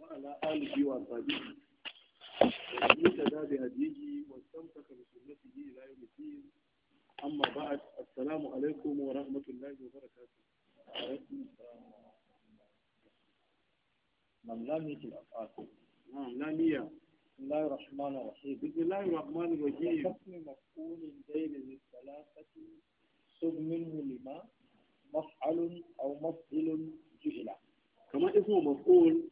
وعلى آله وأصحابه اهتدى بهديه واستمسك بسنته إلى يوم الدين أما بعد السلام عليكم ورحمة الله وبركاته من لم يكن الأفعال نعم لا نية بسم الله الرحمن الرحيم بسم الله الرحمن الرحيم حكم مفعول دين للثلاثة سب منه لما مفعل أو مفعل جهلا كما اسمه مفعول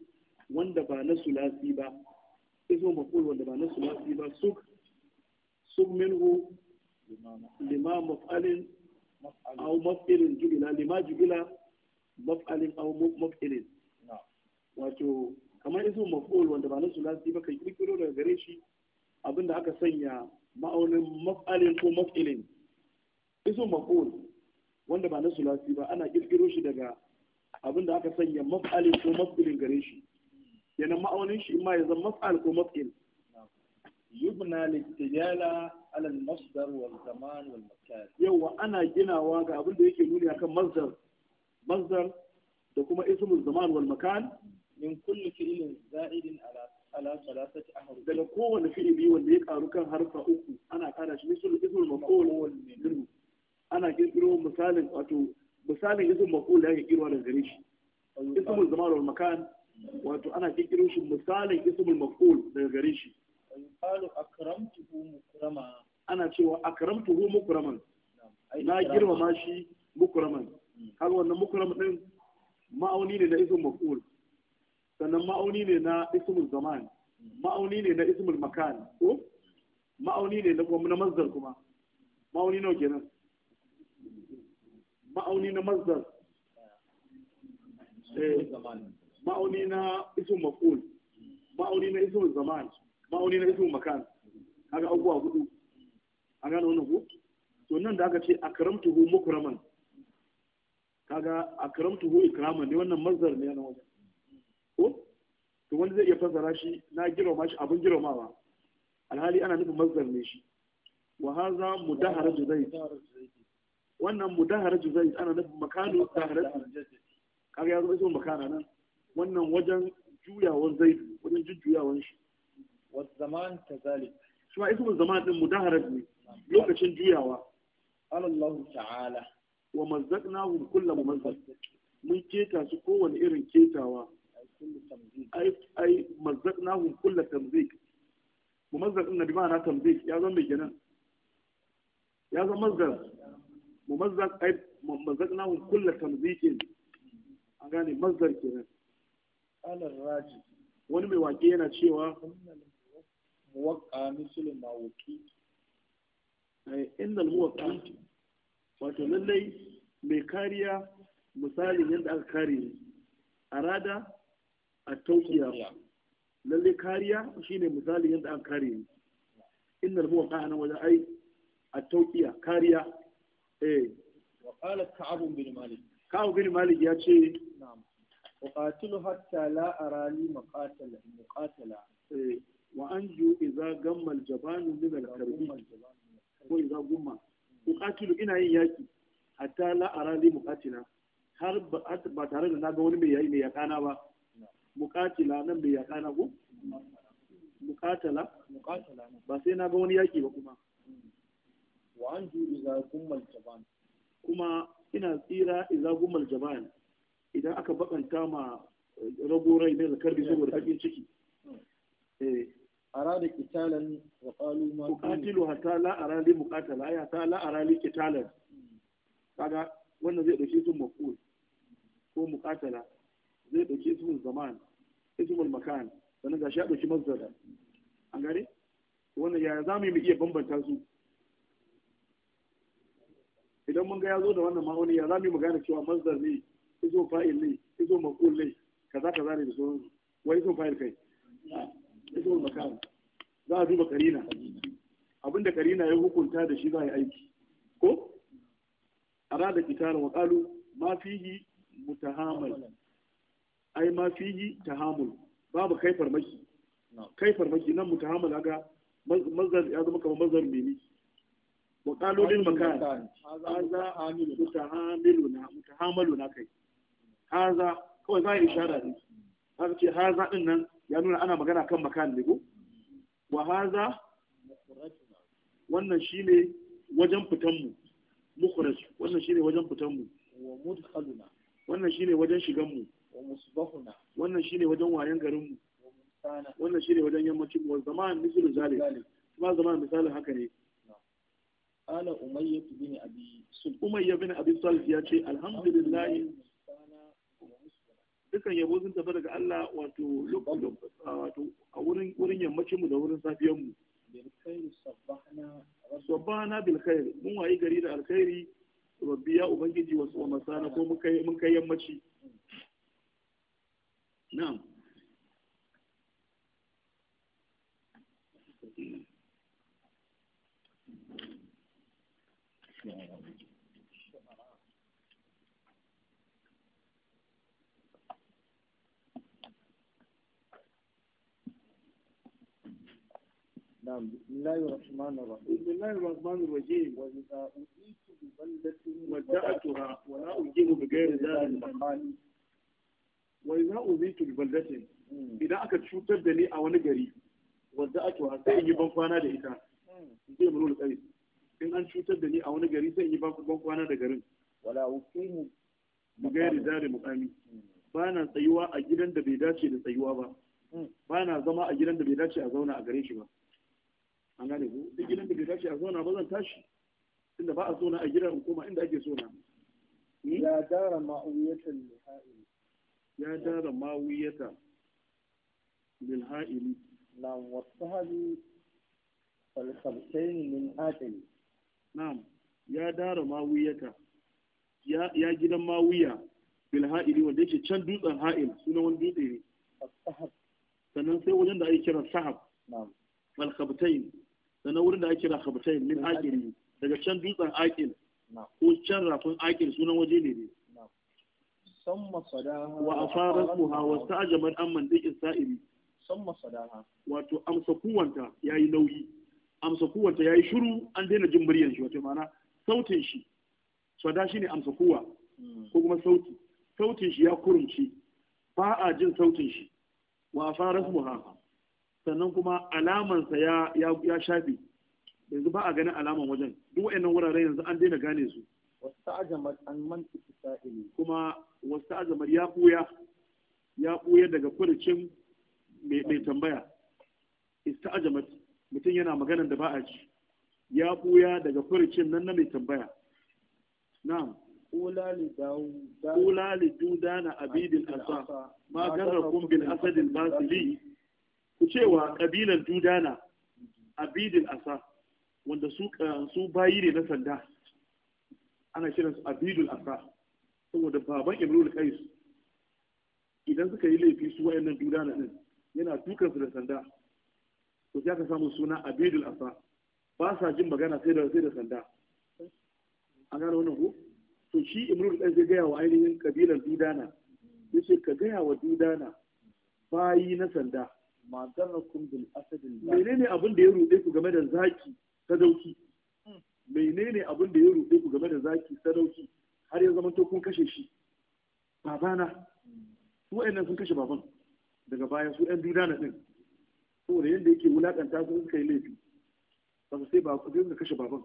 wanda ba na sulasi ba ismu maf'ul wanda ba na sulasi ba suk suk minhu lima maf'alin aw maf'ilin jubila lima jubila maf'alin aw maf'ilin wato kamar ismu maf'ul wanda ba na sulasi ba kai kirkiro daga gare shi abinda aka sanya ma'aunin maf'alin ko maf'ilin ismu maf'ul wanda ba na sulasi ba ana kirkiro shi daga abinda aka sanya maf'alin ko maf'ilin gare shi kenan ma'aunin shi ma ya zama mas'al ko mas'il yubna litijala ala al-masdar wal zaman wal makan yawa ana ginawa ga abin da yake nuni akan masdar masdar da kuma ismul zaman wal makan min kulli fi'lin za'idin ala ala salasati ahruf daga kowane fi'ili wanda ya karu kan harfa uku ana kara shi misal ismul maf'ul minhu ana kirkiro misalin wato misalin ismul maf'ul da yake kirwa daga gare shi ismul zaman wal makan wato ana kirkiro shi misalin ismul maf'ul daga gare shi qalu akramtuhu mukrama ana cewa akramtuhu mukraman na girmama shi mukraman har wannan mukraman din ma'auni ne na ismul maf'ul sannan ma'auni ne na ismul zaman ma'auni ne na ismul makan ko ma'auni ne na kuma na mazdar kuma ma'auni nawa kenan ma'auni na mazdar eh ma'auni na iso makon, ma'auni na ismin zaman ma'auni na ismin makan kaga abubuwa hudu a gane wannan ku. to nan da aka ce akramtuhu mukraman kaga akramtuhu ikraman ne wannan mazdar ne na wajen ko to wanda zai iya fassara shi na girma shi abin ba, alhali ana nufin mazdar ne shi wa haza mudahara juzaid wannan mudahara juzaid ana nufin makanu dahara kaga ya zama ismin makana nan wannan wajen juyawar zai wajen jujjuyawan shi wasu zaman ta zali shi ma ismin zaman din mudaharar ne lokacin juyawa Allah ta'ala wa mazzaqnahum kullu mumazzaq mun keta su kowane irin ketawa ai ai mazzaqnahum kullu tamzik mumazzaq din bi ma'ana tamzik ya zama kenan ya zama mazzaq mumazzaq ai mazzaqnahum kullu tamzikin an gane mazzaq kenan wani mai waƙe yana cewa muwakka misalin mawuki innal muwakki wato lallai mai kariya misalin yadda aka kare arada a taukiya lallai kariya shine misalin yadda aka kare inda innal muwakka a nan wajen ai a taukiya kariya eh wa qala ka'ab bin malik ka'ab bin malik ya ce na'am uqatilu hatta la arali muqatala muqatala eh, wa an ju gamma al-jabanu min karbi ko idza gumma uqatilu ina yin yaƙi. hatta la arali muqatila har ba tare da na ga wani mai yayi mai yakana ba Muƙatila nan mai yakana ko Muƙatala? ba sai na ga wani yaƙi ba kuma wa an ju gumma al-jaban kuma ina tsira idza gumma al idan aka bakanta ma eh, rabo rai ne zakar bi saboda bakin ciki eh. arada kitalan wa qalu ma qatilu hatta la arali muqatala ya ta la arali kitalan kaga wannan zai dauke su maqul ko muqatala zai dauke su zaman ismul makan sannan shi ya dauki mazdar an gare, wannan yaya za mu iya bambanta su idan mun ga ya zo da wannan ma'auni ya za mu gane cewa mazdar ne izo fa'il ne izo maqul ne kaza kaza ne da sauransu wai izo fa'il kai izo makan za a duba karina abinda karina ya hukunta da shi za a yi aiki ko arada kitara wa qalu ma fihi mutahamal ai ma fihi tahamul babu kai farmaki kai farmaki nan mutahamal aga mazhar ya zama kamar mazhar mene wa qalu lil makan hadha amilun mutahamiluna mutahamaluna kai haza kawai za a ishara ne haka ce haza ɗin nan ya nuna ana magana kan makan ne ko wa haza wannan shi ne wajen fitan mu wannan wannan ne wajen fitan mu wa mudkhaluna wannan ne wajen shigan mu wa musbahuna wannan ne wajen wayan garin mu wannan ne wajen yammacin mu zaman misalu zalik kuma zaman misalin haka ne قال أمية بن أبي سلف أمية بن أبي سلف يأتي الحمد لله dukkan yabo sun tafi daga Allah wato wato a wurin wurin yammacin mu da wurin safiyar mu sabbana bil khair mun wayi gari da alkhairi rabbi ya ubangiji wasu wa masana ko mun kai mun kai yammaci na'am نعم بسم الله الرحمن الرحيم بسم الله الرحمن الرحيم وإذا أتيت ببلدة ودعتها ولا أجيب بغير ذلك وإذا أتيت ببلدة إذا أكد شو أو نجري ودعتها سيجي zai in an cutar da ni a wani gari sai in yi ban kwana da garin wala bugayar mukami ba na tsayuwa a gidan da bai dace da tsayuwa ba ba na zama a gidan da bai dace a zauna a gare shi ba an gane ku duk gidan da ke tashi a zona ba zan tashi inda ba a zona a gidan in koma inda ake zona hmm? ya dara ma'uwiyata liha'ili ya dara ma'awiyata lilha'ili na wasu hali falsaftain min aqil na'am ya dara ma'uwiyata ya gidan ma'awiya bilha'ili wanda yake can dutsen ha'il suna wani dutse ne sannan sai wajen da ake kiran sahab falkabtain na wurin da ake kira habtai min ne daga can dutsen aqil ko can rafin aqil sunan waje ne ne samma sadaha wa ha wa sta'jaman amman dikin sa'iri samma sadaha wato amsa kuwanta yayi nauyi amsa kuwanta yayi shiru an daina jin muryan shi wato ma'ana sautin shi sada shine amsa kuwa hmm. ko kuma sauti sautin shi ya kurumce ba a jin sautin shi wa ha. sannan kuma alamansa ya ya shafe yanzu ba a ganin alaman wajen duk wayannan wuraren yanzu an daina gane su wasu azamar an manta isra'ili kuma wasu azamar ya buya ya buya daga kurcin mai tambaya ista'ajamat mutum yana magana da ba a ji ya buya daga kurcin nan na mai tambaya na'am ula li dudana abidin asa ma garrakum bil asadil basili ku cewa kabilan dudana abidin asa wanda su eh, su bayi ne na sanda ana kiran su abidul asa saboda baban imrul qais idan suka yi laifi su wayannan dudana din yana dukan su da sanda to sai aka samu suna abidul asa ba sa jin magana sai da sai da sanda an gano wannan ko to shi imrul qais zai gaya wa ainihin kabilan dudana yace ka gaya wa dudana bayi na sanda ma bil asad menene abin da ya rube ku game da zaki sadauki hmm. menene abin da ya rube ku game da zaki sadauki har ya zama to kun kashe shi babana su wayannan sun kashe baban daga baya su yan dudana din saboda yanda yake wulakanta su suka yi laifi su sai ba ku dinga kashe baban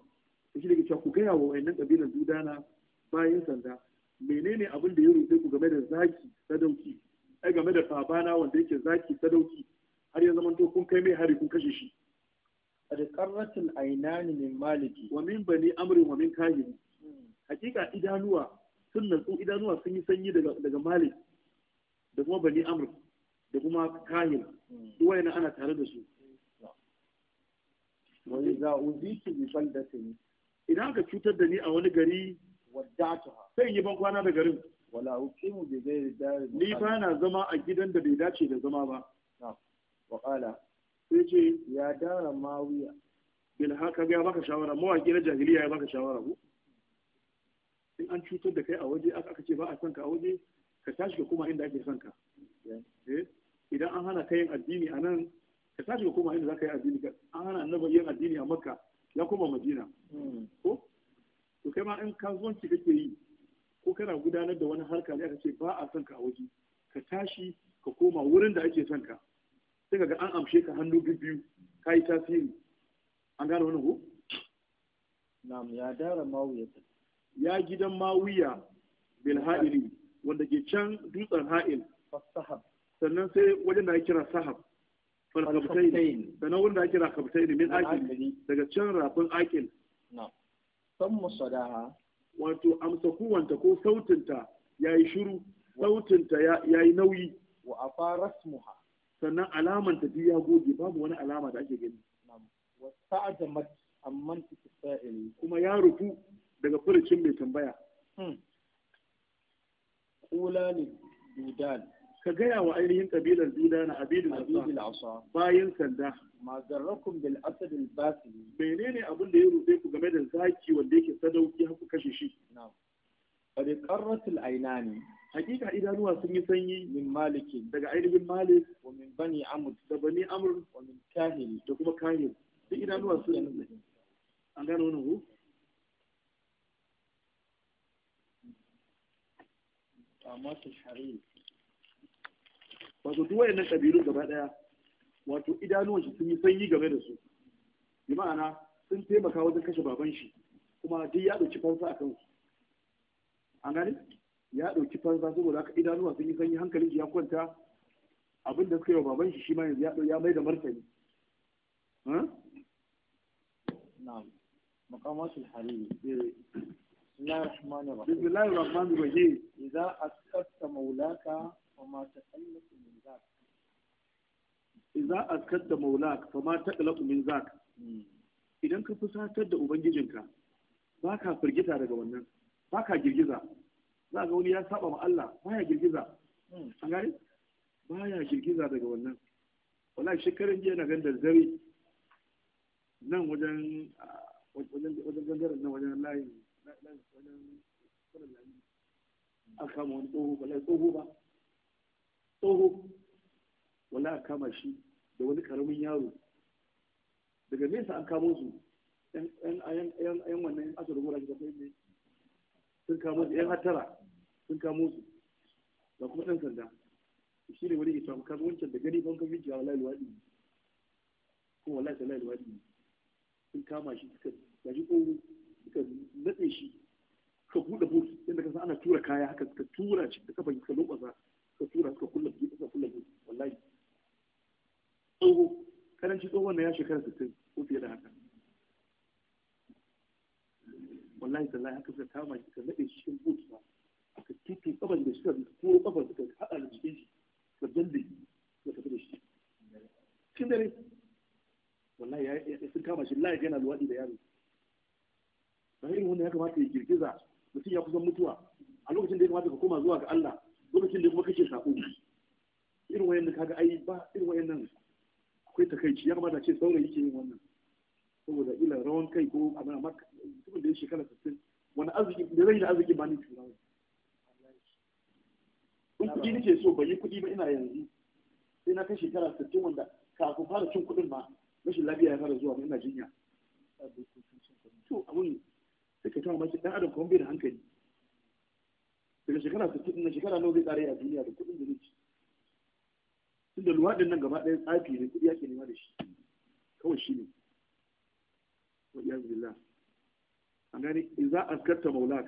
shi da cewa ku gaya wa wayannan kabilan dudana bayan sanda menene abin da ya rube ku game da zaki sadauki ai game da babana wanda yake zaki sadauki har ya to kun kai mai hari kun kashe shi qad qarratil ainani min maliki wa min bani amrin wa min kahin hakika idanuwa sun natsu idanuwa sun yi sanyi daga daga malik da kuma bani amr da kuma kahin hmm. duk wayana ana tare da su wa idza uziki bi baldatin idan aka cutar da ni a wani gari Wadata. sai yi ban kwana da garin wala uqimu bi ghairi dar ni fa na zama a gidan da bai dace da zama ba waƙala sai ce ya dara mawiya bil haka ya baka shawara mawaƙi na jahiliya ya baka shawara ku in an cutar da kai a waje aka ce ba a son ka a waje ka tashi ka koma inda ake son ka eh? idan an hana ka yin addini a nan ka tashi ka koma inda za ka yi addini ka. an hana annaba yin addini a makka ya koma madina hmm. ko to kai ma in kasuwanci kake yi ko kana gudanar da wani harka ne aka ce ba a son ka a waje ka tashi ka koma wurin da ake son ka sai ga an amshe ka hannu biyu ka yi tasiri an gane wani ku? na'am ya dara mawiya ya gidan mawuyar bil ha'ili wanda ke can dutsen ha'il sannan sai wajen da ya kira sahab falkabtain sannan wanda ya kira ne min akil daga can rafin akil san musadaha wato amsa kuwanta ko sautinta ya yi shiru sautinta ya yi nauyi wa afa rasmuha sannan alaman ta ya goge babu wani alama da ake gani wasta'ajamat amman kuma ya rufu daga furucin mai tambaya hmm. kula ne dudan ka gaya wa ainihin kabilar duda na abidul bayan sanda ma zarrakum bil asad al menene abin da ya rufe ku game da zaki wanda yake sadauki haku kashe shi na'am Kade karratul ainani hakika idanuwa sun yi sanyi min maliki daga ainihin malik wa min bani amur da bani amur wa min kahil da kuma kahil duk idanuwa sun yi an gano wani ku amma shari wato duk wayannan kabilu gaba daya wato idanuwan shi sun yi sanyi game da su bi ma'ana sun taimaka wajen kashe baban shi kuma duk ya ɗauki fansa a kansu an gani ya ɗauki fansa saboda haka idanuwa sun yi sanyi hankalin shi ya kwanta abin da suka yi wa baban shi shi ma yanzu ya ya mai da martani na'am idan ka fusatar da ubangijinka ba ka firgita daga wannan ba ka girgiza za ga wani ya saba ma Allah ba ya girgiza hmm. an gani ba ya girgiza daga wannan wallahi shekarun jiya na gandar zare nan wajen wajen gangaren nan wajen layin wajen kwanan layi an kama wani tsoho wallahi tsoho ba tsoho wallahi an kama shi da wani karamin yaro daga nesa an kamo su yan wannan asirin rubuta shi da kai ne sun kamo su yan hattara sun kamo su ba kuma ɗan sanda shi ne wani ya samu kama wancan da gani ban kafin jiya wallahi luwaɗi ne ko wallahi ta luwaɗi ne sun kama shi suka gaji ƙoro suka natse shi suka buɗe bus yadda kasa ana tura kaya haka suka tura shi da kafin suka lokasa suka tura suka kulla su suka kulla bus wallahi tsoho karanci tsohon na ya shekara sittin ko fiye da haka wallahi tallahi haka suka kama shi suka nade shi cikin boot ba ka titi kafan da suka ko kafan suka haɗa da jikin shi suka dalle ka tafi da shi cikin dare wallahi ya sun kama shi lafiya yana luwaɗi da yaro ba irin wannan ya kamata ya girgiza mutum ya kusan mutuwa a lokacin da ya kamata ka koma zuwa ga Allah lokacin da kuma kake sako irin wayannan kaga ai ba irin wayannan akwai takaici ya kamata ce saurayi ke yin wannan saboda ila rawan kai ko abin maka 60 shekara 60 wani arziki da zai da arziki ba ni tura in kuɗi nake so ban yi kuɗi ba ina yanzu sai na kai shekara 60 wanda kafin fara cin kuɗin ma rashin lafiya ya fara zuwa ina jinya to abun da ka tawa maki ɗan adam kuma bai da hankali daga shekara 60 na shekara nawa zai tsare a duniya da kuɗin da nake tunda luwaɗin nan gaba ɗaya tsafi ne kuɗi ake nema da shi kawai shi ne wa iyyaz billah an za a karta maulak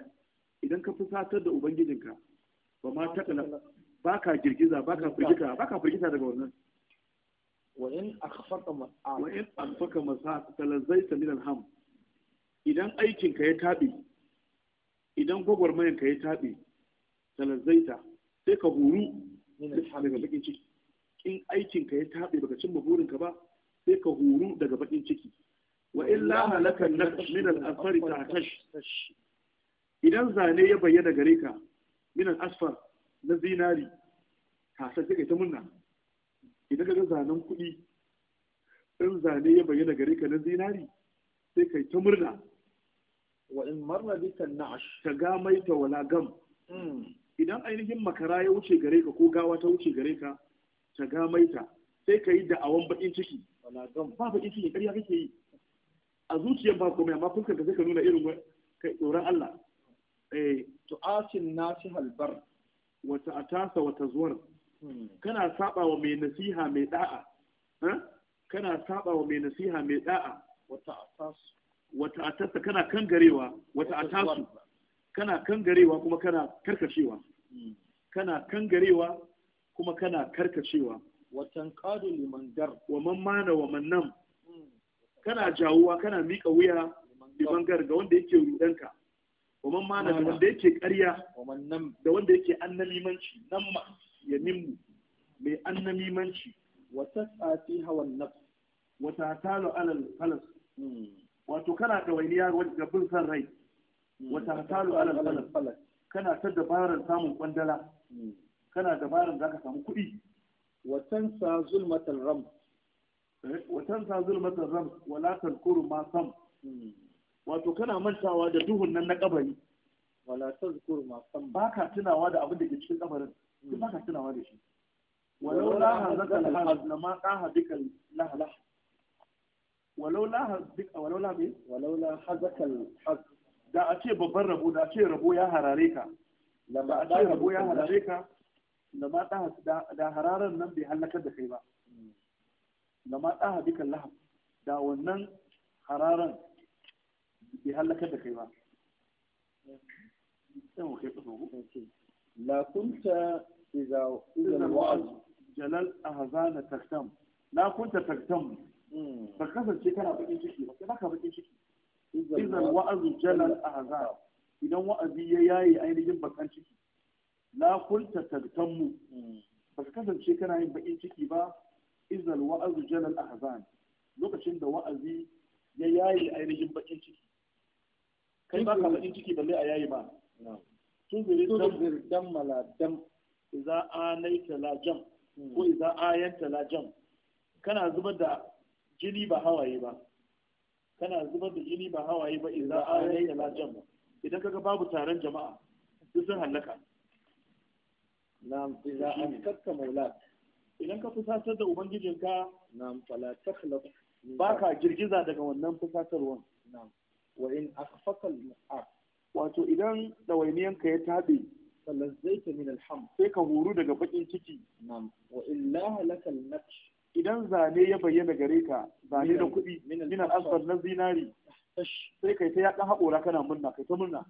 idan ka fusatar da ubangijinka ba ma ta kala ka girgiza ka firgita ka firgita daga wannan wa in akhfaka mas'a wa in akhfaka mas'a talazzaita min alham idan aikinka ya tabe idan gwagwarmayanka ya tabe talazzaita sai ka huru daga bakin ciki in aikinka ya tabe baka cimma burinka ba sai ka huru daga bakin ciki wa illa halakan na min al-asfar idan zane ya bayyana gare ka asfar na zinari ka san kai ta munna idan ka ga zanen kuɗi in zane ya bayyana gare na zinari sai kai ta murna wa in marra bika na'ash ta gamaita wala gam hmm. idan ainihin makara ya wuce gare ko gawa ta wuce gare ka ta gamaita sai ka yi da'awan bakin ciki ba bakin ciki ƙarya kake yi a zuciyar ba komai amma fuskar ka sai ka nuna irin kai tsoron Allah eh asin nasihal halbar wa atasa wa zuwar hmm. kana saba wa mai nasiha mai da'a eh? kana saba wa mai nasiha mai da'a wa ta'tas wa atasa kana kangarewa wa atasu kana kangarewa kuma kana karkacewa hmm. kana kangarewa kuma kana karkacewa wa tanqadu liman dar wa man mana wa man nam kana jawuwa kana miƙa wuya liman ga wanda yake rudanka kuman Mana da wanda yake karya, da wanda yake وان ديك nan ya nimmu mai annamimanci wa Wata fi hawan nan, wata ta'talu alal al hmm. wato kana da yaro wajen bin san rai hmm. wata talo alal al kana ta dabarar samun kwandala hmm. kana dabarar ka samu kuɗi watan sa zulmatar ram watan sa zulmatar zan wala kuru ma sam wato kana mantawa da duhun nan na kabari wala talkuru ma sam baka tunawa da abin da ke cikin kabarin duk baka tunawa da shi walau la hazaka al-haz lama qaha la la walau la hazaka walau la bi walau la hazaka al-haz da a ce babban rabo da a ce rabo ya harare ka da a ce rabo ya harare ka da ma da hararan nan bai halakar da kai ba da ma ɗaha bikan lahab da wannan hararan bai hallakar da kai ba Lakunta kai kusa la kunta iza taktam la kunta taktam ba hmm. kasance kana bakin ciki ba kai baka bakin ciki iza wa'az jalal ahzana idan wa'azi ya yaye ainihin bakan ciki la kunta taktamu hmm. ba kasance kana yin bakin ciki ba izal wa'azu jalal ahzan lokacin da wa'azi ya yayi ainihin bakin ciki kai ba ka bakin ciki balle a yayi ba tunziri zo dam mala dam iza anaita la jam ko iza ayanta la jam kana zubar da jini ba hawaye ba kana zubar da jini ba hawaye ba iza ayanta la jam idan kaga babu taron jama'a duk sun halaka na'am iza an kakka maulak idan ka fusatar da ubangijinka na'am fala takhlaq ba ka girgiza daga wannan fusatarwan na'am wa in akhfaqa al wato idan dawainiyanka ya tabe falazzaita min alham sai ka huru daga bakin ciki na'am wa illa halakal naksh idan zane ya bayyana gare ka zane da kuɗi min al na zinari sai kai ta yakan haƙora kana murna kai ta murna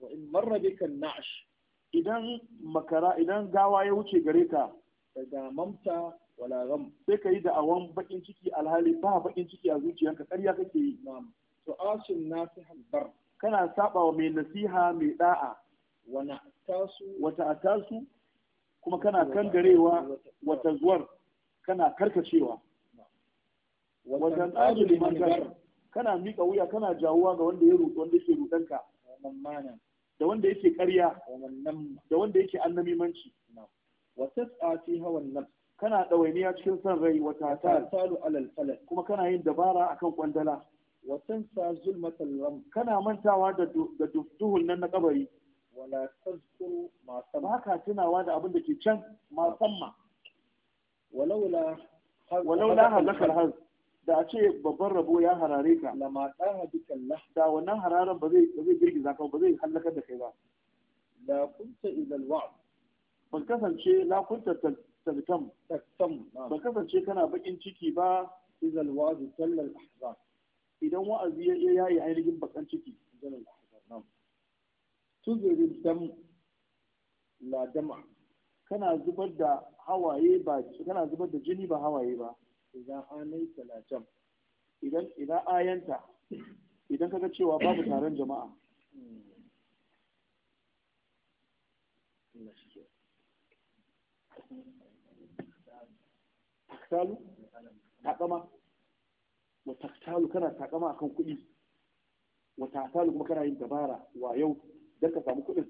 wa in marra bika nash idan makara idan gawa ya wuce gare ka daga mamta wala gham sai ka yi da awan bakin ciki alhali ba bakin ciki a zuciyanka ƙarya kake yi na'am to na ta bar kana saba wa mai nasiha mai da'a wana tasu wata atasu kuma kana kangarewa wata zuwar kana karkacewa wata tsari liman kar kana miƙa wuya kana jawuwa ga wanda ya ruɗu wanda yake ruɗanka da wanda yake ƙarya da wanda yake annamimanci wa tas'a fi hawan nan. kana ɗawainiya cikin son rai wa tatalu alal falal kuma kana yin dabara akan kwandala wa sa zulmatal ram kana mantawa da da duhun nan na kabari wala tazkuru ma sama ka tunawa da abin da ke can ma samma walaula walaula halakal haz da a ce babban rabo ya harare ka lama daha bikallah da wannan hararan ba zai ba zai girgiza ka ba zai halakar da kai ba la kunta idal wa'd ba kasance lakunta tattam ba kasance kana bakin ciki ba izal wa'azu sallar ahzab idan wa'azi ya yayi ainihin bakan ciki sallar ahzab tuzirin dam la dama kana zubar da hawaye ba kana zubar da jini ba hawaye ba idan anai talatam idan idan ayanta idan kaga cewa babu taron jama'a hmm. taktalu takama wa taktalu kana takama akan kuɗi wa taktalu kuma kana yin dabara wa yau don ka samu kuɗin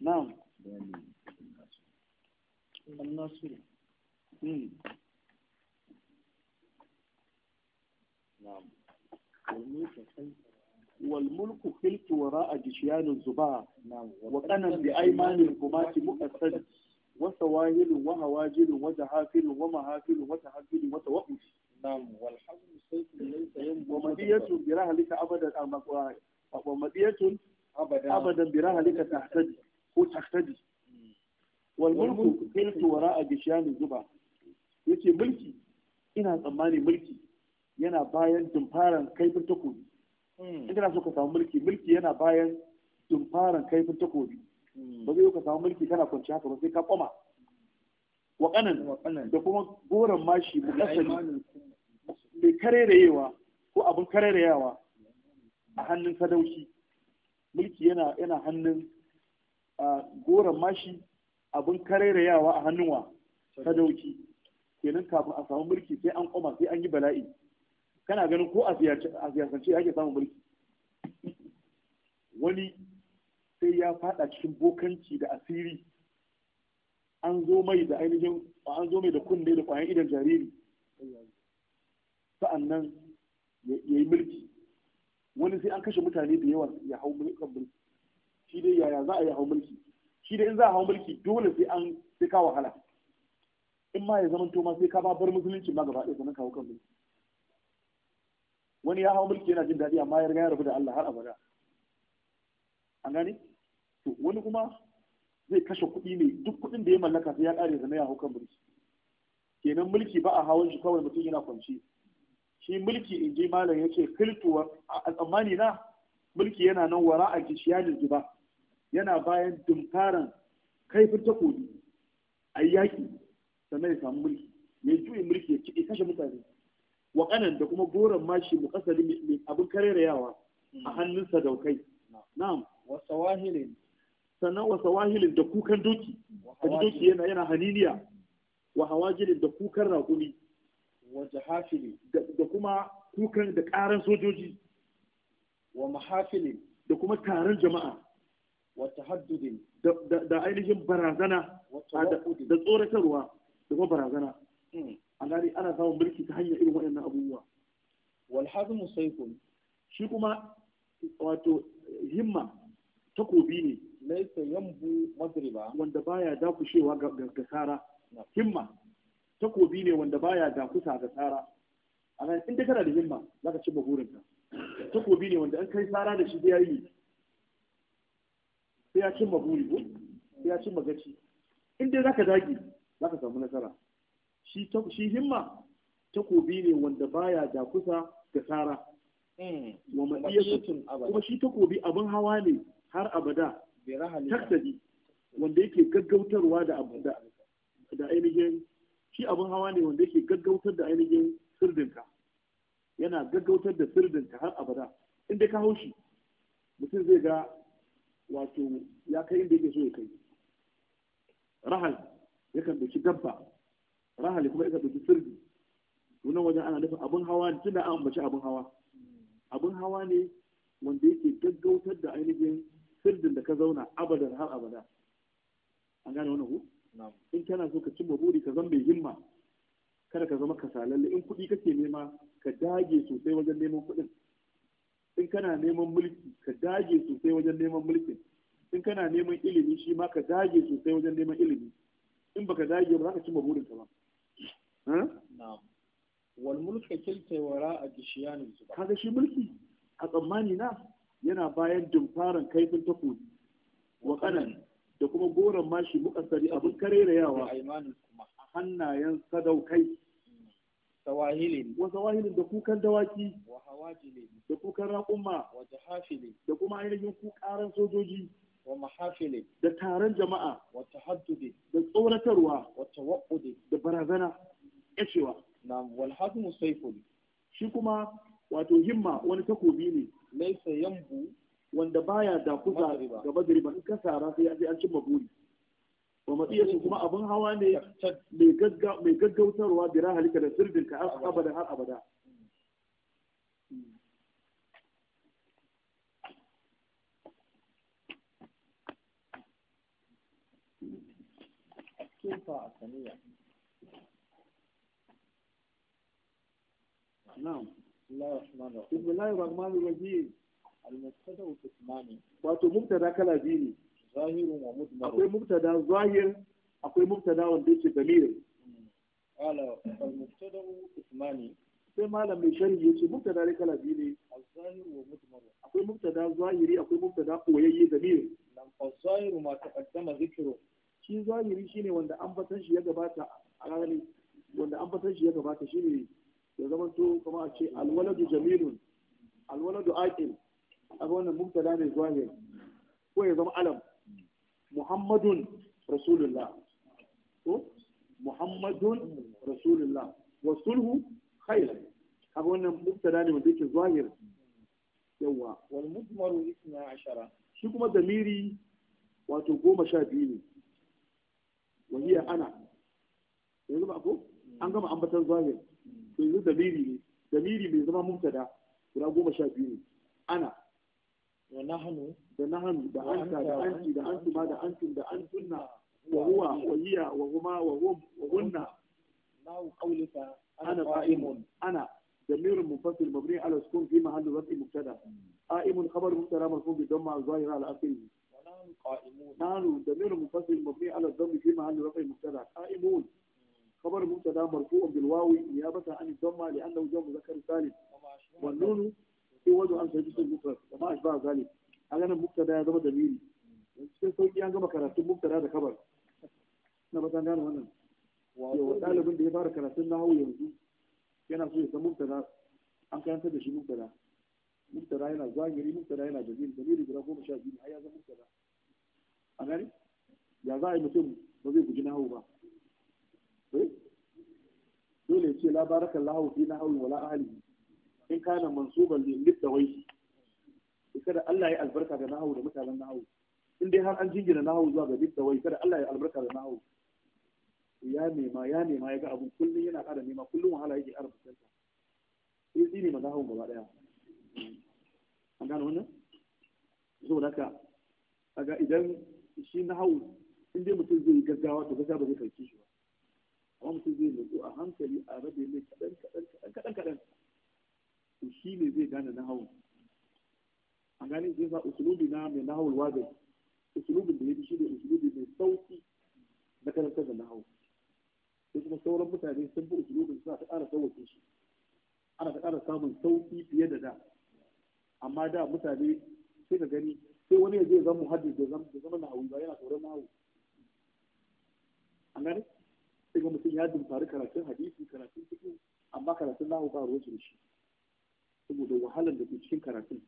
na'am الناصر نعم والملك خلق وراء جشيان الزباع وقنا بأيمان القماة مؤسس وسواهل وهواجل وجهافل ومهافل وتهافل وتوقف نعم والحزم سيف ليس ينبغي ومدية برهلك أبدا ومدية ابدا ابدا برهلك تهتدي ko taktadi والملك qiltu وراء bishani الزبا yace ملكي ina tsammani mulki yana bayan dumfaran kaifin takobi Ina so ka samu mulki mulki yana bayan dumfaran kaifin takobi ba zai yi ka samu mulki kana kwanci haka ba sai ka koma wa kanan da kuma goran mashi mukasali mai karerayewa ko abin karerayawa a hannun sadauki mulki yana yana hannun a goran mashi abin karerayawa a hannun wa sadauki kenan kafin a samu mulki sai an koma sai an yi bala'i kana ganin ko a ziyarci a ziyarci ake samun mulki wani sai ya fada cikin bokanci da asiri an zo mai da ainihin an zo mai da kunne da kwayan idan jariri nan ya yi mulki wani sai an kashe mutane da yawa ya hau mulkin mulki shi dai yaya za a yi hau mulki shi dai in za a hau mulki dole sai an sai ka wahala in ma ya zama to ma sai ka ba bar musulunci ma gaba ɗaya sanan kawo kan mulki wani ya hau mulki yana jin daɗi amma ya riga ya rabu da Allah har abada an gani to wani kuma zai kashe kuɗi ne duk kuɗin da ya mallaka sai ya ƙare zama ya hau kan mulki kenan mulki ba a hawan shi kawai mutum yana kwanci shi mulki in ji malam yake filtuwa a tsammani na mulki yana nan wara a kishiyalin zuba yana bayan dumkaran kaifin takobi a yaƙi sannan ya samu mulki mai juye mulki ya kiɗi kashe mutane waƙanan da kuma goron mashi mukasali mai abin karerayawa a hannunsa daukai na'am wasa wahilin sannan wasa wahilin da kukan doki Wani doki yana yana haniniya wa hawajilin da kukan raƙumi wa hafili da kuma kukan da ƙaran sojoji wa mahafili da kuma taron jama'a wata tahaddudin da ainihin barazana da tsoratarwa da kuma barazana hmm. a gari ana samun mulki ta hanyar irin waɗannan abubuwa wal hazmu shi kuma wato himma takobi ne laisa yambu madriba wanda baya dakushewa ga sara himma takobi ne wanda baya dakusa ga sara ana in da kana da himma zaka ci burinka takobi ne wanda an kai sara da shi ya yi sai ya cimma maburi ko sai ya cimma gaci in dai zaka dage zaka samu nasara shi shi himma takobi ne wanda baya dakusa ga tsara hmm. wa madiyatun kuma shi takobi abin hawa ne har abada taktadi wanda yake gaggautarwa da abu da ainihin shi abin hawa ne wanda yake gaggautar da ainihin sirdinka yana gaggautar da sirdinka har abada inda ka haushi mutum zai ga wato ya kai inda yake so ya kai rahal yakan doki dabba rahal kuma yakan doki sirdi wannan wajen ana nufin abin hawa ne tunda an ambaci abin hawa abin hawa ne wanda yake gaggautar da ainihin sirdin da ka zauna abadan har abada an gane wani hu in kana so ka cimma buri ka zama mai himma kada ka zama kasalalle in kuɗi kake nema ka dage sosai wajen neman kuɗin in kana neman mulki ka dage sosai wajen neman mulkin in kana neman ilimi shi ma ka dage sosai wajen neman ilimi in baka dage ba za ka cimma ka ba wal mulka kilta wara a gishiyanin zuba kaga shi mulki a tsammani na yana bayan dumfaran kaifin takobi wa kanan da kuma goron mashi mukasari abin karerayawa a hannayen sadaukai wa da kukan dawaki wa da kukan raƙuma wa jahafilin da kuma ainihin kukaran sojoji wa da taron jama'a wa tahaddudi da tsoratarwa wa da barazana yacewa na wal shi kuma wato himma wani takobi ne laisa yambu wanda baya da kuza ga ba, in ka sara sai an cimma buri wa su kuma abin hawa ne mai gaggautarwa bira halika da sirrin ka abada har abada نعم bismillahir rahmanir rahim al wato mubtada kala biyu ne akwai mubtada zahir akwai mubtada wanda yake damir sai malam mai sharhi yace mubtada kala biyu ne wa akwai mubtada zahiri akwai mubtada koyayye damir lam fa-zahiru ma taqaddama dhikru shi zahiri shine wanda an fatan shi ya gabata a ranar wanda an shi ya gabata shine ya zama to kuma a ce alwaladu jamilun alwaladu aqil a wannan mubtada ne zahir ko ya zama alam muhammadun rasulullah ko muhammadun rasulullah wa sulhu khair kaga wannan mubtada ne wanda yake zahir yawa wal mujmaru isna ashara shi kuma damiri wato goma sha biyu ne wahiya ana yanzu ba ko an gama ambatan zahir yanzu damiri ne mai zama mubtada guda goma sha biyu ne ana da nahanu da nahanu da anta da anti da antuma da antum da antunna wa huwa wa hiya wa huma wa hum wa hunna na'u qawlika ana qa'imun ana fi منفصل مبني على السكون في محل رفع مبتدا قائم خبر مبتدا مرفوع بالضمه الظاهره على اخره ونحن قائمون نحن ضمير mufassil mabni ala dhammi fi mahalli rafi mubtada qaimun خبر مبتدا مرفوع بالواو نيابة عن الضمة لأنه جمع ذكر سالم والنون في وجه أن تجلس المفرد وما أشبه ذلك أنا مبتدا هذا دليل cikin sauƙi an gama karatun mubtada da kabar na ba gane wannan yau ɗalibin da ya fara karatun na yanzu yana so ya san mubtada an karanta da shi mubtada mubtada yana zahiri mubtada yana jazil dalili guda goma sha biyu har ya zama a gani ya za a yi mutum ba zai guji na hau ba Eh? dole ce la baraka lahu fi nahwi wala ahlihi in kana mansuban wai lidawai kada Allah ya albarka ga nahwu da mutanen nahwu in dai har an jingina nahwu zuwa ga wai kada Allah ya albarka da nahwu ya nema ya nema ya ga abun kullum yana kada nema kullum wahala yake arba fuskanta sai zini ma nahwu gaba daya an gano wannan zo da ka kaga idan shi na in dai mutum zai yi gaggawa to gaskiya ba zai kai shi ba wani mutum zai nutsu a hankali a rabe mai kaɗan kaɗan kaɗan kaɗan to shi ne zai gane na hawan a gane zai sa usulubi na mai na hawan wajen usulubin da ya fi shi ne usulubi mai sauki na karantar da na hawan sai kuma sauran mutane sun fi usulubin suna ta ƙara sauwaƙe shi ana ta ƙara samun sauki fiye da da amma da mutane sai ka gani sai wani ya zai zama muhaddis da zama na hawan ba yana sauran na hawan an sai ga mutum ya dumfari karatun hadisi karatun fiƙo amma karatun nahu ba ruwa da shi saboda wahalar da ke cikin karatun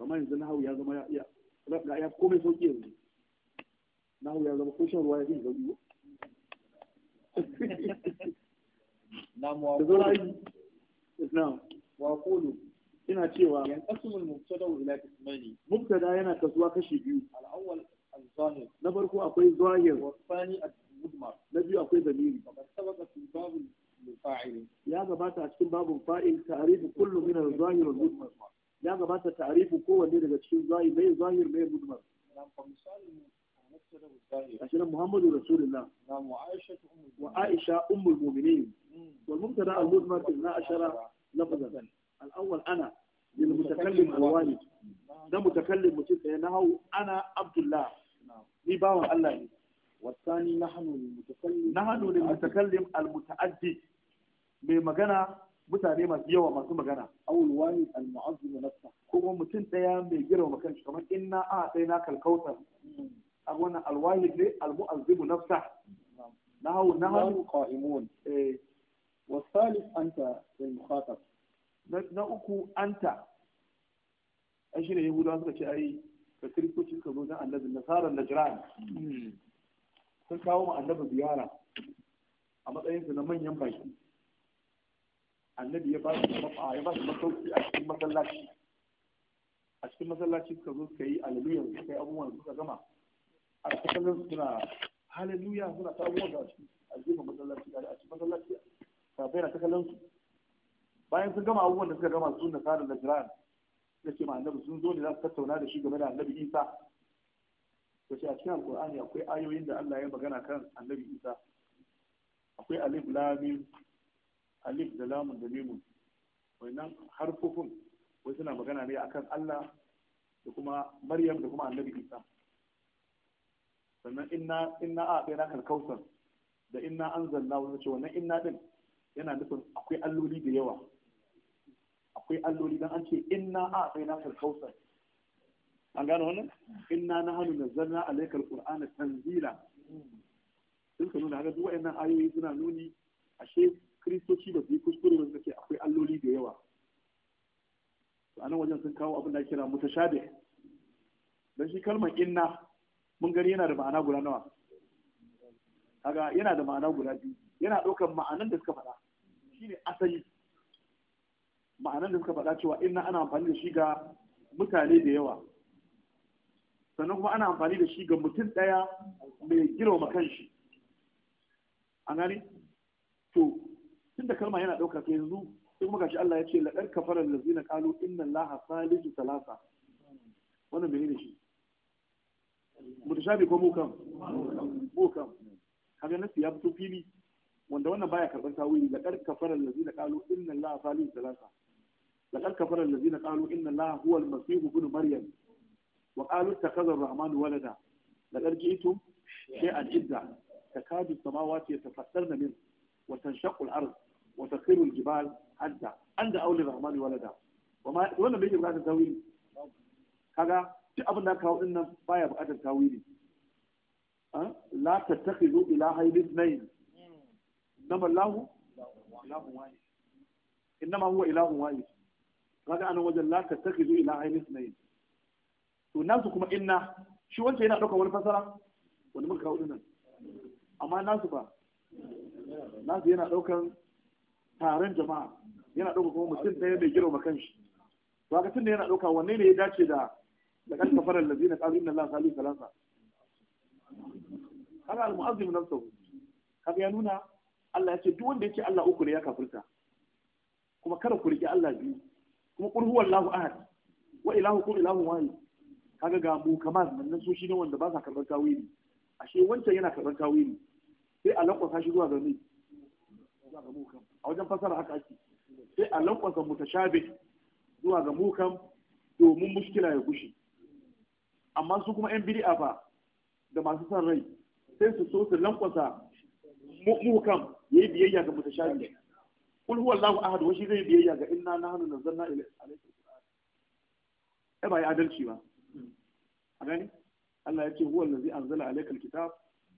amma yanzu nahu ya zama ya ya komai sauƙi yanzu nahu ya zama ko shan ruwa ya zai sauƙi Na'am wa qulu ina cewa yan qasmul mubtada ila qismaini mubtada yana kasuwa kashi biyu al-awwal na farko akwai zahir wa thani na biyu akwai dalili ya gabata a cikin babun fa'il ta'rifu kullu min al-zahir wal ya gabata ta'rifu kowanne daga cikin Aisha, mai zahir mai mudmar عشان محمد رسول الله وعائشة أم المؤمنين والمبتدا المزمر 12 لفظا الأول أنا للمتكلم الوالد ده متكلم مثل أنا عبد الله لي باو الله والثاني نحن المتكلم نحن المتكلم المتعدد mai magana mutane masu yawa masu magana awul wani al-mu'azzim nafsa kuma mutum daya mai girma kanshi kamar inna a dai na kalkautar a wannan alwahid ne al-mu'azzim nafsa nahu nahu qa'imun eh wa thalith anta lil mukhatab na uku anta ai shine yahudawa suka ce ai ka kristoci zo dan annabi nasara najran sun kawo ma annabi ziyara a matsayinsa na manyan baki annabi ya ba su ya ba su masauki a cikin masallaci a cikin masallaci suka zo suka yi aleluya su yi abubuwan suka gama a cikin suna haleluya suna ta abubuwan da a cikin masallaci a cikin masallaci kafin na ta kallon su bayan sun gama abubuwan da suka gama su da tsarin da jiran da ke ma annabi sun zo ne za su tattauna da shi game da annabi isa shi a cikin alkur'ani akwai ayoyin da Allah ya magana kan annabi isa akwai alif lamim alif da lamun da mimun wannan harfofin wai suna magana ne akan Allah da kuma maryam da kuma annabi isa sannan inna inna a ɗaya kan kausar da inna anzalna zalla wani ce wannan inna din yana nufin akwai alloli da yawa akwai alloli dan an ce inna a ɗaya kan kausar an gano wannan inna nahnu nazzalna alaykal qur'ana tanzila sun ka nuna haka duk waɗannan ayoyi suna nuni ashe kristoci ba su yi kuskure ba akwai alloli da yawa to anan wajen sun kawo abin da kira mutashabih dan shi kalmar inna mun gani yana da ma'ana guda nawa kaga yana da ma'ana guda biyu yana ɗaukar ma'anan da suka faɗa shine asali ma'anan da suka faɗa cewa inna ana amfani da shi ga mutane da yawa sannan kuma ana amfani da shi ga mutum ɗaya mai girma kanshi A gani to tun da kalma yana ɗauka ta yanzu sai kuma gashi Allah ya ce laɗar kafarar da zina kalu inna laha salisu talasa wannan bai da shi mutashabi ko mukan mukan kaga nasi ya fito fili wanda wannan baya karɓar tawili laɗar kafarar da zina kalu inna laha salisu talasa laɗar kafarar da zina kalu inna laha huwal masihu bin maryam wa qalu takaza ar-rahman walada laqad ji'tum shay'an idda takadu as-samawati yatafassarna min wa tanshaqu al-ard wa taqiru al-jibal hadda anda awli ar-rahman walada wama wannan bai buƙatar tawili kaga duk abin da kawo din nan baya buƙatar tawili la tattakhidhu ilahay bithnayn nama lahu ilahun wahid innama wajen la to nasu kuma inna shi wanda yana ɗaukar wani fasara wanda muka kawo nan amma nasu ba nasu yana ɗaukar taron jama'a yana ɗaukar kuma mutum ɗaya mai girma kanshi to haka tunda yana ɗauka wanne ne ya dace da da kan fara lazina qalu inna allaha salihu salasa kaga al-mu'azzim nafsu kaga ya nuna Allah ya ce duk wanda yake Allah uku ne ya kafirta kuma kada ku riƙe Allah biyu kuma qul huwallahu ahad wa ilahukum ilahu wahid kaga ga mu kamar nan so shi ne wanda ba sa karɓar tawili ashe wancan yana karɓar tawili sai a lankwasa shi zuwa ga ne a wajen fasara haka ake sai a lankwasa mutashabi zuwa ga mukam domin mushkila ya gushe amma su kuma yan bid'a ba, da masu son rai sai su so su lankwasa mukam yi biyayya ga mutashabi kul huwa Allahu ahad wa shi zai biyayya ga inna nahnu nazzalna ilayka alaikum ai ba ya adalci ba a gani Allah ya ce huwa allazi anzala alayka alkitab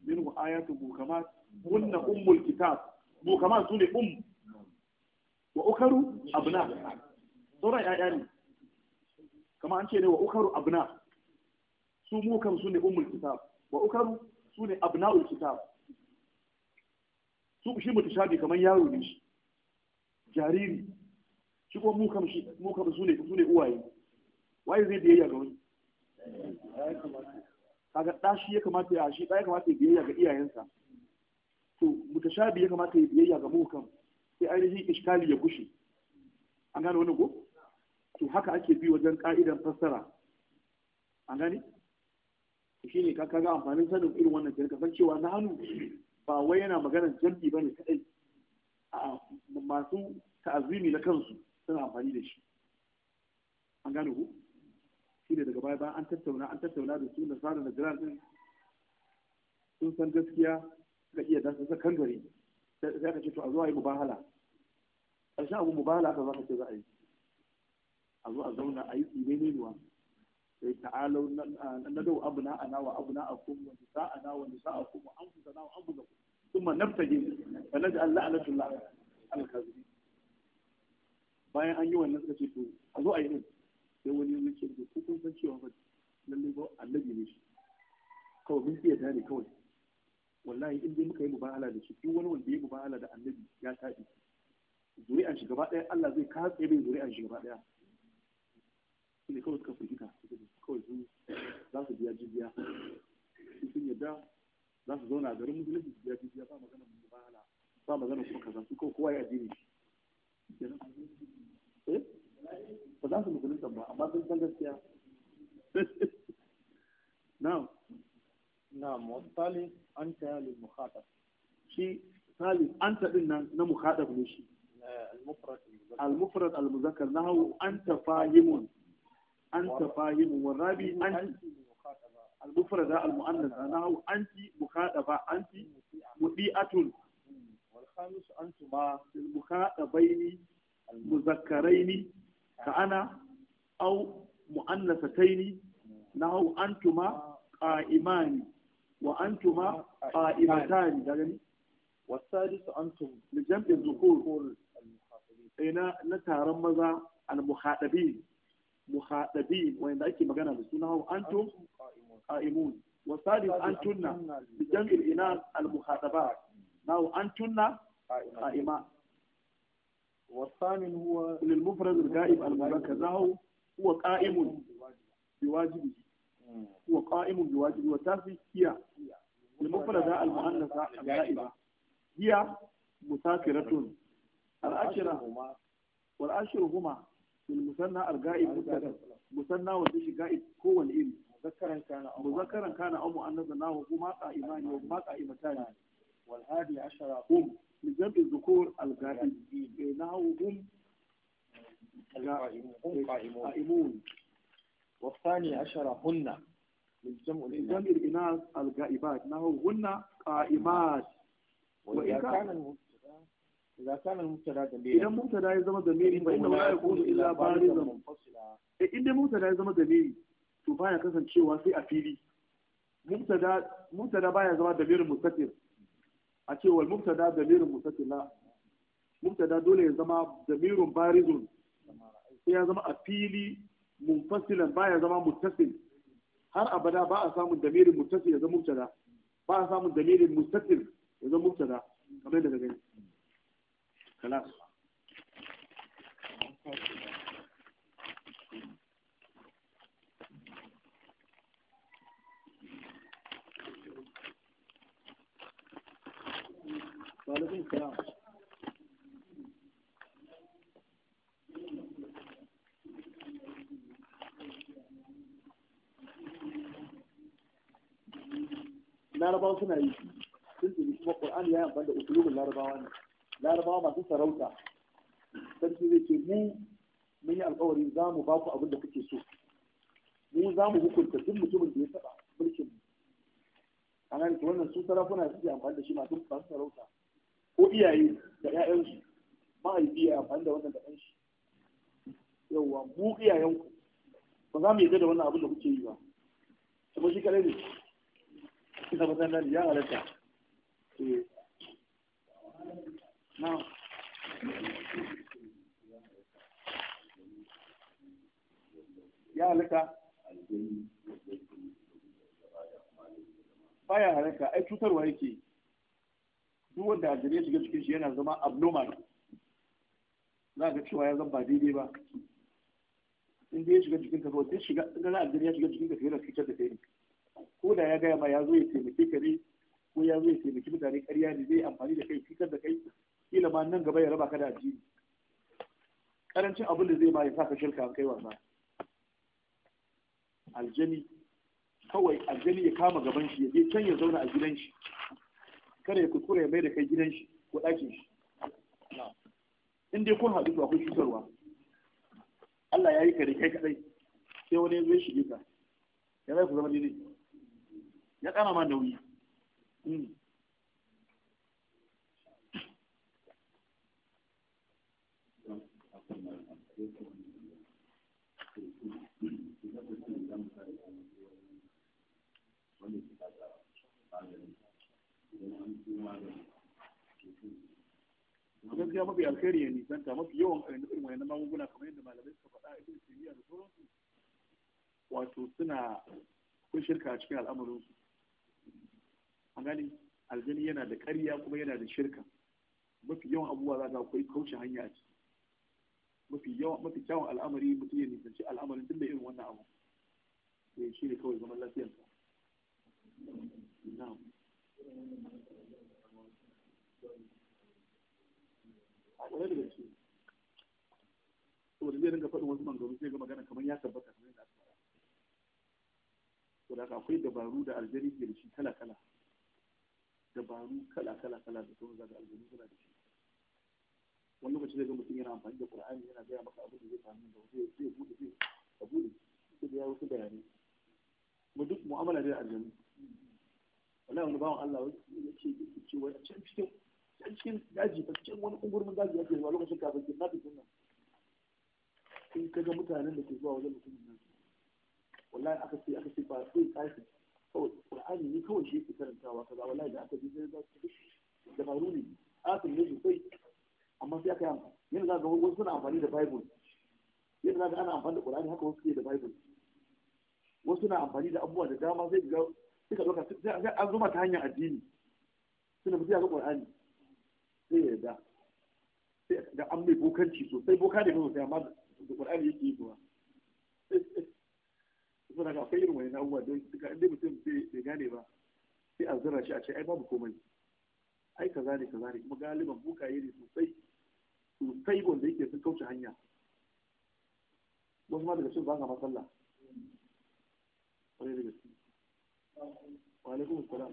minhu ayatu muhkamat kunna ummul kitab muhkamat sune um wa ukaru abna sauran ya'ya ne kama an ce ne wa ukaru abna su mukan su ne ummul kitab wa ukaru su ne abna'ul kitab su shi mutashabi kamar yaro ne shi jariri shi mu mukan shi mukan su ne su ne uwaye waye zai biyayya ga wani kaga shi ya kamata ya shi ya kamata ya biyayya ga iyayensa to mutashabi ya kamata ya biyayya ga mukan sai ainihin iskali ya gushe an gane wani go? to haka ake bi wajen ka'idan fassara an gane shi ne kaga amfanin sanin irin wannan jirka san cewa na hannu ba wai yana maganar jam'i ba ne kaɗai a masu ta'azimi na kansu suna amfani da shi an gane ku shine daga baya bayan an tattauna an tattauna da su nasara da jiran din sun san gaskiya suka iya dan sa kan gari sai aka ce to a zo a yi mubahala ƙarshen abu mubahala aka zaka ce za a yi a zo a zauna a yi tsire ne ruwa sai ta'alau na dau abuna ana wa abuna akum wa nisa'ana wa nisa'akum wa anfusana wa anfusakum thumma nabtaji fa naj'al la'natullahi al-kadhibin bayan an yi wannan suka ce to a zo a yi ne sai wani yanzu da ko kun san cewa ba lallai ba annabi ne shi kawai mun fiye da ne kawai wallahi in dai muka yi mubahala da shi duk wani wanda ya mubahala da annabi ya taɗi zuri'an shi gaba ɗaya Allah zai tsaye bin zuri'an shi gaba ɗaya shi ne kawai suka firgita kawai su za su biya jibiya sun yadda za su zauna garin musulunci su biya jibiya ba magana mubahala ba magana kuma kaza su kawai kowa ya addini shi ba za su musulun ba amma sun san gaskiya now na'am wasu an ta yi muhaɗa shi tali an ta na muhaɗa ne shi eh, al-mufrad na hau an ta an ta wa rabi an al-mufrad al-mu'annas na hau an ti muhaɗa ba an ti mudi'atun hmm, wal khamis an ta ba al-muhaɗa baini muzakkaraini ka ana au mu'annasataini an tuma qa'imani wa an tuma qa'imatani daga ni an أنتم لجمع الذكور ina na taron maza al-muhadabin muhadabin wanda ake magana da su. suna hau antum qa'imun wa sadis antunna bi jam'il inas al-muhadabat na an antunna qa'ima والثامن هو للمفرد الغائب المذكر نحو هو قائم بواجبه هو قائم بواجبه والتاسي هي المفرد المؤنثة الغائبة هي مسافرة العشرة والعشر هما المثنى الغائب مطلقا مثنى والدش غائب هو الإن مذكرا كان مذكرا كان أو مؤنثا نحو هما قائمان وهما قائمتان والهادي عشرة هم لجمع الذكور الغائبين نحوهم القائمون والثاني عشر هن للجمع بجنب الإناث الغائبات نحوهن قائمات وإذا كان إذا كان المبتدا ضمير إذا المبتدا يزم ضمير فإنه لا يكون إلا بارزا منفصلا إذا مبتدا يزم ضميري to baya kasancewa sai a fili mubtada baya zama damirin mustatir a ce wal mubtada damirun mutasila mubtada dole ya zama damirun barizun sai ya zama a fili ba baya zama mutasil har abada ba a samun damirin mutasil ya zama mubtada ba a samun damirin mutasil ya zama mubtada kamar da gani kalas Walaikum salam. larabawa suna yi sun tsiri kuma ƙur'ani ya amfani da usulubin larabawa ne larabawa masu sarauta sarki zai ce mu mun yi alƙawari za mu ba ku abin da kuke so mu za mu hukunta duk mutumin da ya taɓa mulkin mu an gane wannan su sarakuna suke amfani da shi masu sarauta ko iyaye da 'ya'yansu mahaifi ya amfani da wannan da ɗanshi yauwa mu iyayenku ba za mu yarda da wannan abin da kuke yi ba kuma shi kare ne ina ba san dani ya halatta eh. na ya halatta baya halatta ai cutarwa yake yi duk wanda aljani ya shiga cikin shi yana zama abnormal za ga cewa ya zama ba daidai ba in dai ya shiga cikin ka kawai shiga in ga aljani ya shiga cikin ka yana cutar da kai ko da ya gaya ma ya zo ya taimake ka ne ko ya zo ya taimaki mutane ƙarya ne zai amfani da kai cutar da kai kila ma nan gaba ya raba ka da addini karancin abin da zai ma ya saka shirka kai wasa aljani kawai aljani ya kama gaban shi ya je can ya zauna a gidan shi kada ya kuskure ya mai da kai gidan shi ko ɗakin shi in dai kun haɗu to akwai cutarwa Allah ya yi kare kai kadai sai wani zai shige ka ya zai ku zama dai ya ƙara ma nauyi Thank hmm. you. gaskiya mafi alkhairi ya nisanta mafi yawan irin wayan magunguna kamar yadda malamai suka faɗa ibn taymiya da sauransu wato suna kun shirka a cikin al'amarin su A gani aljani yana da ƙarya kuma yana da shirka mafi yawan abubuwa za ga akwai kauce hanya a ciki mafi yawan mafi kyawun al'amari mutum ya nisanci al'amarin duk da irin wannan abu sai eh, shi ne kawai zaman lafiyarsa na'am a tare da gaske saboda zai ringa faɗin wasu mangaru zai ga magana kamar ya tabbata kamar yadda aka saboda akwai dabaru da aljani ke da shi kala kala dabaru kala kala kala da sauran zaga aljani suna da shi wani lokaci zai ga mutum yana amfani da qur'ani yana gaya maka abin da zai samu da zai zai bude zai bude sai da ya wasu bayanai kuma duk mu'amala da aljani wallahi wani bawan Allah ya ce yake ce wai can cikin can cikin daji ba cikin wani ungurmin daji yake zuwa lokacin kafin kidnapping din nan in ka ga mutanen da ke zuwa wajen mutumin nan wallahi aka ce aka ce ba sai tsaki kawai qur'ani ne kawai shi yake karantawa kaza wallahi da aka ji sai za su dabaru ne asin ne sosai amma sai aka yi amfani yadda za ga wasu suna amfani da bible yadda za ga ana amfani da qur'ani haka wasu ke da bible wasu na amfani da abubuwa da dama sai ga suka zo sai an zuma ta hanyar addini suna fi ga ƙwar'ani sai ya yarda da an mai bokanci sosai boka ne sosai amma da ƙwar'ani yake yi kuma suna ga akwai irin wani abubuwa don duka inda mutum bai gane ba sai a zura shi a ce ai babu komai ai kaza ne kaza ne kuma galiban bukaye ne sosai sosai wanda yake sun kauce hanya wasu ma daga cin ba ga masallah wani daga cin وعليكم السلام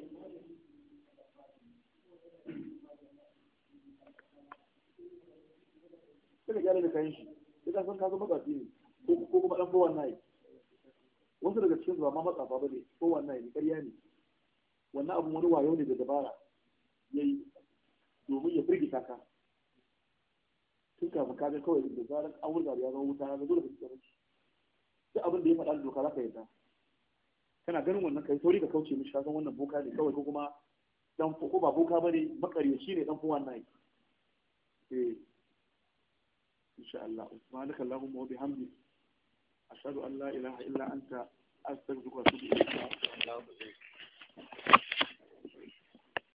Kada sai gyara da kayan shi sai ka san ka zama matsafi ne ko kuma dan bowan nayi wasu daga cikin ba ma matsafa bane bawan nayi ne ƙarya ne wannan abun wani wayo ne da dabara yayi domin ya firgita ka tun kafin ka ga kawai da zarar an wurga ya zama wuta ya zo da fitar shi duk abin da ya faɗa da doka za ka ta. kana ganin wannan kai sauri ka kauce mishi kasan wannan boka ne kawai ko kuma dan ko ba boka bane makaryaci ne dan fuwan nayi eh insha Allah subhanaka allahumma wa bihamdik ashhadu an la ilaha illa anta astaghfiruka wa atubu ilayk